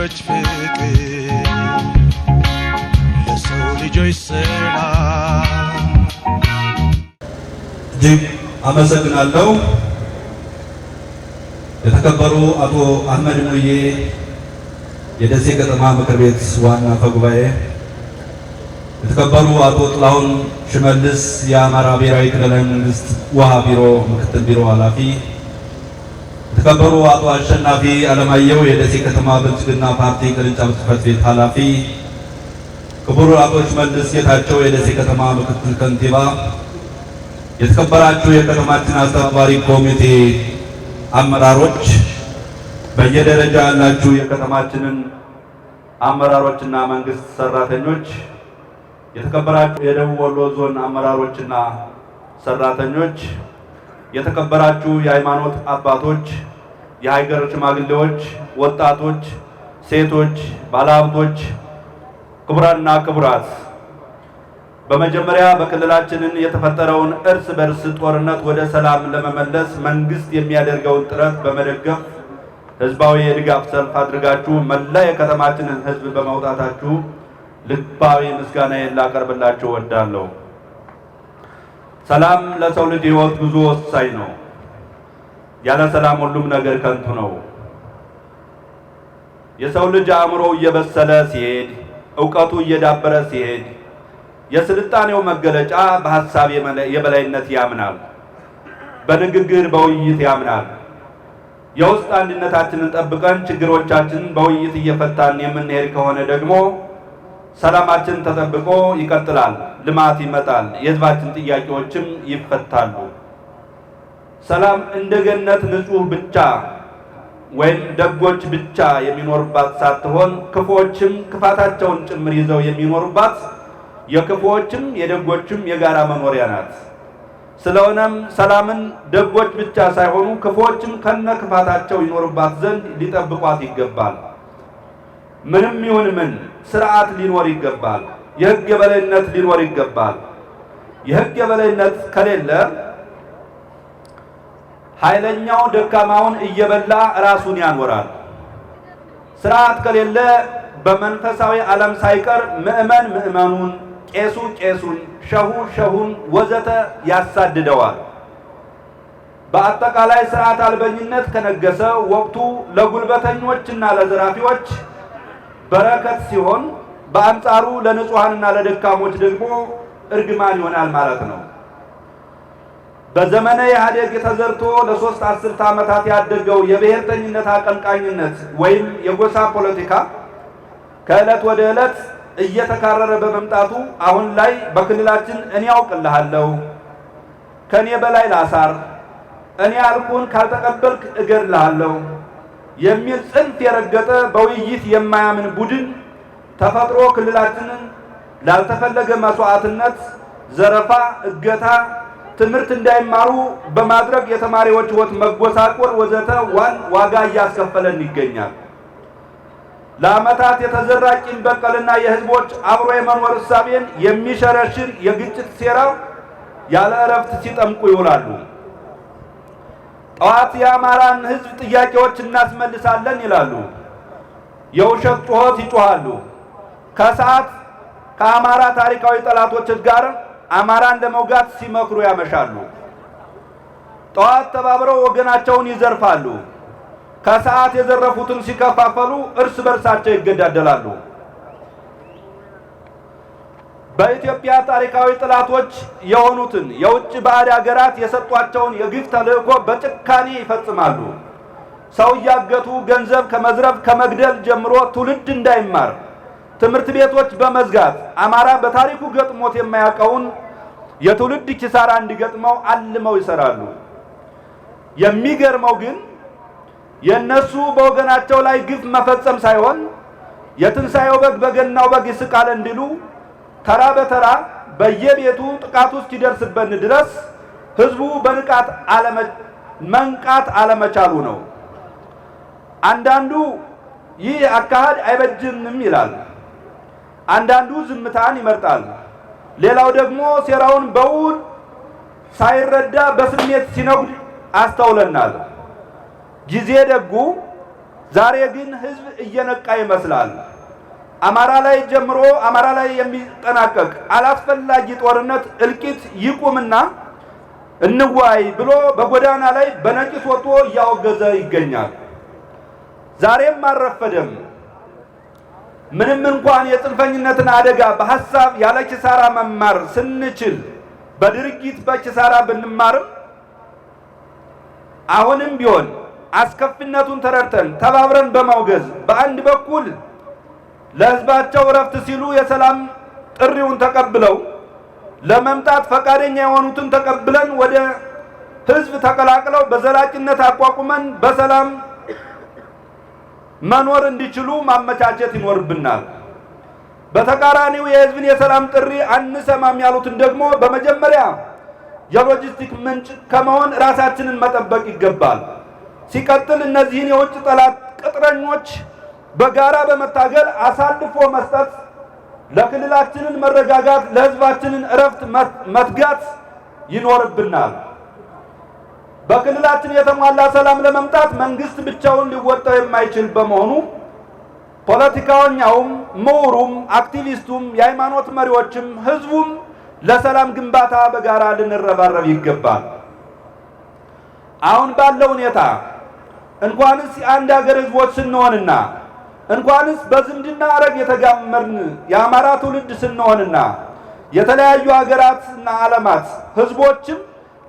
ልጆች ፍቅር ለሰው ልጆች ሰላም አመሰግናለሁ። የተከበሩ አቶ አህመድ ሙዬ የደሴ ከተማ ምክር ቤት ዋና አፈ ጉባኤ፣ የተከበሩ አቶ ጥላሁን ሽመልስ የአማራ ብሔራዊ ክልላዊ መንግስት ውሃ ቢሮ ምክትል ቢሮ ኃላፊ የተከበሩ አቶ አሸናፊ አለማየሁ የደሴ ከተማ ብልጽግና ፓርቲ ቅርንጫፍ ጽሕፈት ቤት ኃላፊ፣ ክቡር አቶ ሽመልስ ጌታቸው የደሴ ከተማ ምክትል ከንቲባ፣ የተከበራችሁ የከተማችን አስተባባሪ ኮሚቴ አመራሮች፣ በየደረጃ ያላችሁ የከተማችንን አመራሮችና መንግስት ሰራተኞች፣ የተከበራችሁ የደቡብ ወሎ ዞን አመራሮችና ሰራተኞች የተከበራችሁ የሃይማኖት አባቶች የሀገር ሽማግሌዎች፣ ወጣቶች፣ ሴቶች፣ ባለሀብቶች፣ ክቡራንና ክቡራት በመጀመሪያ በክልላችንን የተፈጠረውን እርስ በእርስ ጦርነት ወደ ሰላም ለመመለስ መንግስት የሚያደርገውን ጥረት በመደገፍ ህዝባዊ የድጋፍ ሰልፍ አድርጋችሁ መላ የከተማችንን ህዝብ በማውጣታችሁ ልባዊ ምስጋና ላቀርብላችሁ እወዳለሁ። ሰላም ለሰው ልጅ ህይወት ጉዞ ወሳኝ ነው። ያለ ሰላም ሁሉም ነገር ከንቱ ነው። የሰው ልጅ አእምሮ እየበሰለ ሲሄድ፣ እውቀቱ እየዳበረ ሲሄድ የስልጣኔው መገለጫ በሀሳብ የበላይነት ያምናል፣ በንግግር በውይይት ያምናል። የውስጥ አንድነታችንን ጠብቀን ችግሮቻችን በውይይት እየፈታን የምንሄድ ከሆነ ደግሞ ሰላማችን ተጠብቆ ይቀጥላል፣ ልማት ይመጣል፣ የሕዝባችን ጥያቄዎችም ይፈታሉ። ሰላም እንደ ገነት ንጹህ ብቻ ወይም ደጎች ብቻ የሚኖሩባት ሳትሆን ክፎችም ክፋታቸውን ጭምር ይዘው የሚኖሩባት የክፎችም የደጎችም የጋራ መኖሪያ ናት። ስለሆነም ሰላምን ደጎች ብቻ ሳይሆኑ ክፎችም ከነ ክፋታቸው ይኖሩባት ዘንድ ሊጠብቋት ይገባል። ምንም ይሁን ምን ስርዓት ሊኖር ይገባል። የሕግ የበላይነት ሊኖር ይገባል። የሕግ የበላይነት ከሌለ ኃይለኛው ደካማውን እየበላ ራሱን ያኖራል። ስርዓት ከሌለ በመንፈሳዊ ዓለም ሳይቀር ምእመን ምእመኑን፣ ቄሱ ቄሱን፣ ሸሁ ሸሁን ወዘተ ያሳድደዋል። በአጠቃላይ ስርዓት አልበኝነት ከነገሰ ወቅቱ ለጉልበተኞችና ለዘራፊዎች በረከት ሲሆን፣ በአንጻሩ ለንጹሐንና ለደካሞች ደግሞ እርግማን ይሆናል ማለት ነው። በዘመነ ኢህአዴግ ተዘርቶ ለሶስት አስርተ ዓመታት ያደገው የብሔርተኝነት አቀንቃኝነት ወይም የጎሳ ፖለቲካ ከዕለት ወደ ዕለት እየተካረረ በመምጣቱ አሁን ላይ በክልላችን እኔ ያውቅልሃለሁ፣ ከእኔ በላይ ላሳር፣ እኔ አልኩን ካልተቀበልክ እገድልሃለሁ የሚል ጽንፍ የረገጠ በውይይት የማያምን ቡድን ተፈጥሮ ክልላችንን ላልተፈለገ መስዋዕትነት፣ ዘረፋ፣ እገታ ትምህርት እንዳይማሩ በማድረግ የተማሪዎች ህይወት መጎሳቆር ወዘተ ዋን ዋጋ እያስከፈለን ይገኛል። ለዓመታት የተዘራ ቂም በቀልና የህዝቦች አብሮ የመኖር እሳቤን የሚሸረሽር የግጭት ሴራ ያለ እረፍት ሲጠምቁ ይውላሉ። ጠዋት የአማራን ህዝብ ጥያቄዎች እናስመልሳለን ይላሉ። የውሸት ጩኸት ይጮሃሉ። ከሰዓት ከአማራ ታሪካዊ ጠላቶች ጋር አማራን ለመውጋት ሲመክሩ ያመሻሉ። ጠዋት ተባብረው ወገናቸውን ይዘርፋሉ። ከሰዓት የዘረፉትን ሲከፋፈሉ እርስ በርሳቸው ይገዳደላሉ። በኢትዮጵያ ታሪካዊ ጥላቶች የሆኑትን የውጭ ባዕድ ሀገራት የሰጧቸውን የግፍ ተልዕኮ በጭካኔ ይፈጽማሉ። ሰው እያገቱ ገንዘብ ከመዝረፍ ከመግደል ጀምሮ ትውልድ እንዳይማር ትምህርት ቤቶች በመዝጋት አማራ በታሪኩ ገጥሞት የማያውቀውን የትውልድ ኪሳራ እንዲገጥመው አልመው ይሰራሉ። የሚገርመው ግን የእነሱ በወገናቸው ላይ ግፍ መፈጸም ሳይሆን የትንሣኤው በግ በገናው በግ ይስቃል እንዲሉ ተራ በተራ በየቤቱ ጥቃቱ እስኪደርስበን ድረስ ህዝቡ በንቃት መንቃት አለመቻሉ ነው። አንዳንዱ ይህ አካሄድ አይበጅንም ይላል። አንዳንዱ ዝምታን ይመርጣል፣ ሌላው ደግሞ ሴራውን በውል ሳይረዳ በስሜት ሲነጉድ አስተውለናል። ጊዜ ደጉ፣ ዛሬ ግን ህዝብ እየነቃ ይመስላል። አማራ ላይ ጀምሮ አማራ ላይ የሚጠናቀቅ አላስፈላጊ ጦርነት እልቂት ይቁምና እንዋይ ብሎ በጎዳና ላይ በነቂስ ወጥቶ እያወገዘ ይገኛል። ዛሬም አልረፈደም። ምንም እንኳን የጽንፈኝነትን አደጋ በሀሳብ ያለ ኪሳራ መማር ስንችል በድርጊት በኪሳራ ብንማርም አሁንም ቢሆን አስከፊነቱን ተረድተን ተባብረን በማውገዝ በአንድ በኩል ለሕዝባቸው እረፍት ሲሉ የሰላም ጥሪውን ተቀብለው ለመምጣት ፈቃደኛ የሆኑትን ተቀብለን ወደ ሕዝብ ተቀላቅለው በዘላቂነት አቋቁመን በሰላም መኖር እንዲችሉ ማመቻቸት ይኖርብናል። በተቃራኒው የህዝብን የሰላም ጥሪ አንሰማም ያሉትን ደግሞ በመጀመሪያ የሎጂስቲክ ምንጭ ከመሆን ራሳችንን መጠበቅ ይገባል። ሲቀጥል እነዚህን የውጭ ጠላት ቅጥረኞች በጋራ በመታገል አሳልፎ መስጠት፣ ለክልላችንን መረጋጋት፣ ለህዝባችንን እረፍት መትጋት ይኖርብናል። በክልላችን የተሟላ ሰላም ለመምጣት መንግስት ብቻውን ሊወጣው የማይችል በመሆኑ ፖለቲካኛውም፣ ምሁሩም፣ አክቲቪስቱም፣ የሃይማኖት መሪዎችም፣ ህዝቡም ለሰላም ግንባታ በጋራ ልንረባረብ ይገባል። አሁን ባለው ሁኔታ እንኳንስ የአንድ ሀገር ህዝቦች ስንሆንና እንኳንስ በዝምድና አረግ የተጋመርን የአማራ ትውልድ ስንሆንና የተለያዩ ሀገራትና ዓለማት ህዝቦችም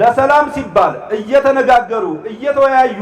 ለሰላም ሲባል እየተነጋገሩ እየተወያዩ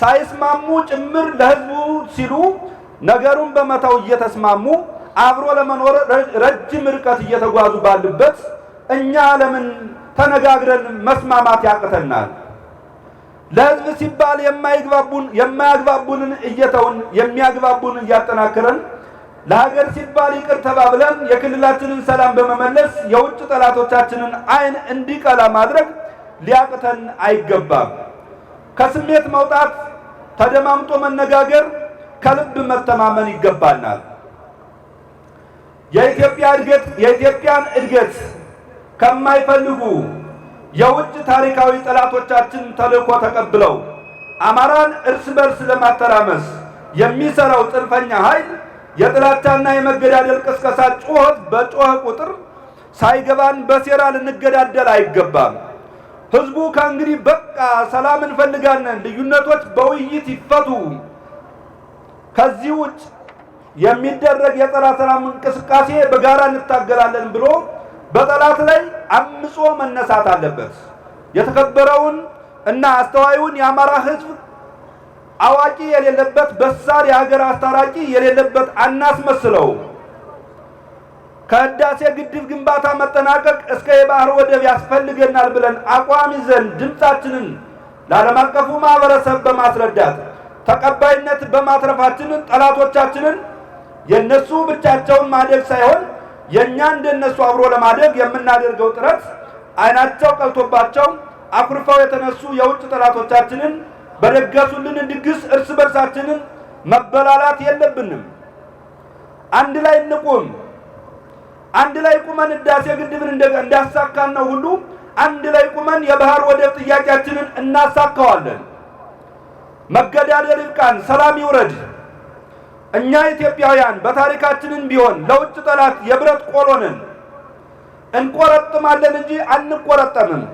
ሳይስማሙ ጭምር ለህዝቡ ሲሉ ነገሩን በመተው እየተስማሙ አብሮ ለመኖር ረጅም ርቀት እየተጓዙ ባሉበት እኛ ለምን ተነጋግረን መስማማት ያቅተናል? ለህዝብ ሲባል የማይግባቡን የማያግባቡንን እየተውን የሚያግባቡን እያጠናክረን ለሀገር ሲባል ይቅር ተባብለን የክልላችንን ሰላም በመመለስ የውጭ ጠላቶቻችንን ዓይን እንዲቀላ ማድረግ ሊያቅተን አይገባም። ከስሜት መውጣት፣ ተደማምጦ መነጋገር፣ ከልብ መተማመን ይገባናል። የኢትዮጵያ እድገት የኢትዮጵያን እድገት ከማይፈልጉ የውጭ ታሪካዊ ጠላቶቻችን ተልዕኮ ተቀብለው አማራን እርስ በርስ ለማተራመስ የሚሰራው ጽንፈኛ ኃይል የጥላቻና የመገዳደል ቅስቀሳ ጩኸት በጮኸ ቁጥር ሳይገባን በሴራ ልንገዳደል አይገባም። ህዝቡ ከእንግዲህ በቃ ሰላም እንፈልጋለን፣ ልዩነቶች በውይይት ይፈቱ፣ ከዚህ ውጭ የሚደረግ የጸረ ሰላም እንቅስቃሴ በጋራ እንታገላለን ብሎ በጠላት ላይ አምጾ መነሳት አለበት። የተከበረውን እና አስተዋዩን የአማራ ህዝብ አዋቂ የሌለበት በሳል የሀገር አስታራቂ የሌለበት አናስመስለው። ከህዳሴ ግድብ ግንባታ መጠናቀቅ እስከ የባህር ወደብ ያስፈልገናል ብለን አቋም ይዘን ድምፃችንን ለዓለም አቀፉ ማህበረሰብ በማስረዳት ተቀባይነት በማትረፋችንን ጠላቶቻችንን የነሱ ብቻቸውን ማደግ ሳይሆን የእኛ እንደነሱ አብሮ ለማደግ የምናደርገው ጥረት አይናቸው ቀልቶባቸው አኩርፈው የተነሱ የውጭ ጠላቶቻችንን በደገሱልን ድግስ እርስ በርሳችንን መበላላት የለብንም። አንድ ላይ እንቁም። አንድ ላይ ቁመን ህዳሴ ግድብን እንዳሳካን ነው ሁሉ አንድ ላይ ቁመን የባህር ወደብ ጥያቄያችንን እናሳካዋለን። መገዳደል ይብቃን፣ ሰላም ይውረድ። እኛ ኢትዮጵያውያን በታሪካችንን ቢሆን ለውጭ ጠላት የብረት ቆሎንን እንቆረጥማለን እንጂ አንቆረጠምም።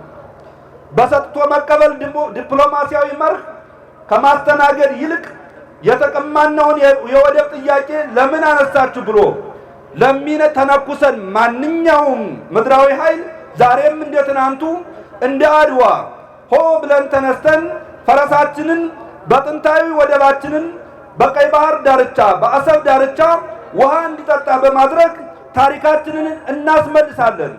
በሰጥቶ መቀበል ዲፕሎማሲያዊ መርህ ከማስተናገድ ይልቅ የተቀማነውን የወደብ ጥያቄ ለምን አነሳችሁ ብሎ ለሚነ ተነኩሰን ማንኛውም ምድራዊ ኃይል ዛሬም እንደ ትናንቱ እንደ አድዋ ሆ ብለን ተነስተን ፈረሳችንን በጥንታዊ ወደባችንን በቀይ ባህር ዳርቻ በአሰብ ዳርቻ ውሃ እንዲጠጣ በማድረግ ታሪካችንን እናስመልሳለን።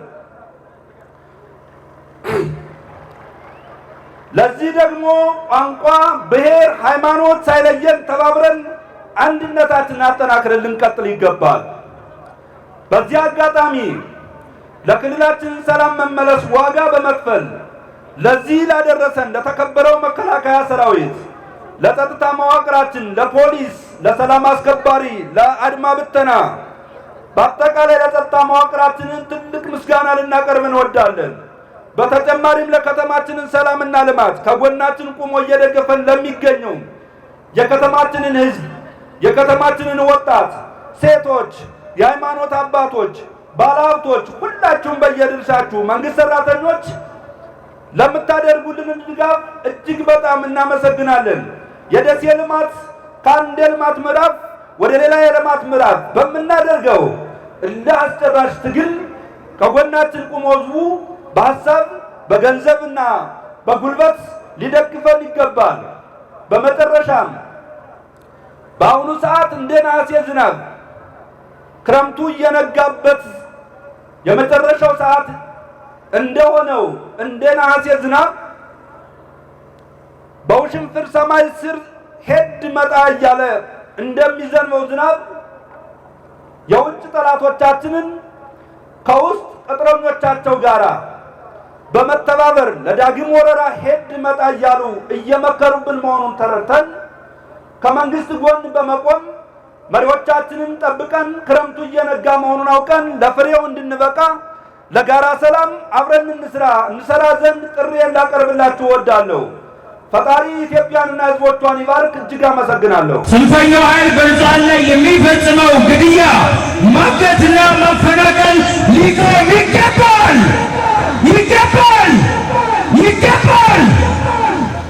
ለዚህ ደግሞ ቋንቋ፣ ብሔር፣ ሃይማኖት ሳይለየን ተባብረን አንድነታችንን አጠናክረን ልንቀጥል ይገባል። በዚህ አጋጣሚ ለክልላችን ሰላም መመለስ ዋጋ በመክፈል ለዚህ ላደረሰን ለተከበረው መከላከያ ሰራዊት፣ ለጸጥታ መዋቅራችን፣ ለፖሊስ፣ ለሰላም አስከባሪ፣ ለአድማ ብተና፣ በአጠቃላይ ለጸጥታ መዋቅራችንን ትልቅ ምስጋና ልናቀርብ እንወዳለን። በተጨማሪም ለከተማችንን ሰላምና ልማት ከጎናችን ቁሞ እየደገፈን ለሚገኘው የከተማችንን ሕዝብ የከተማችንን ወጣት ሴቶች የሃይማኖት አባቶች፣ ባለሀብቶች ሁላችሁም በየድርሻችሁ መንግስት ሰራተኞች ለምታደርጉልን ድጋፍ እጅግ በጣም እናመሰግናለን። የደሴ ልማት ከአንድ የልማት ምዕራፍ ወደ ሌላ የልማት ምዕራፍ በምናደርገው እንደ አስጨራሽ ትግል ከጎናችን ቁሞ ህዝቡ በሀሳብ በገንዘብና በጉልበት ሊደግፈን ይገባል። በመጨረሻም በአሁኑ ሰዓት እንደ ነሐሴ ዝናብ ክረምቱ እየነጋበት የመጨረሻው ሰዓት እንደሆነው እንደ ነሐሴ ዝናብ በውሽንፍር ሰማይ ስር ሄድ መጣ እያለ እንደሚዘንበው ዝናብ የውጭ ጠላቶቻችንን ከውስጥ ቅጥረኞቻቸው ጋር በመተባበር ለዳግም ወረራ ሄድ መጣ እያሉ እየመከሩብን መሆኑን ተረድተን ከመንግስት ጎን በመቆም መሪዎቻችንን ጠብቀን ክረምቱ እየነጋ መሆኑን አውቀን ለፍሬው እንድንበቃ ለጋራ ሰላም አብረን እንስራ እንሰራ ዘንድ ጥሪዬን ላቀርብላችሁ እወዳለሁ። ፈጣሪ ኢትዮጵያንና ሕዝቦቿን ይባርክ። እጅግ አመሰግናለሁ። ጽንፈኛው ኃይል በንጹሐን ላይ የሚፈጽመው ግድያ፣ ማገትና ማፈናቀል ሊቆም ይገባል ይገባል ይገባል።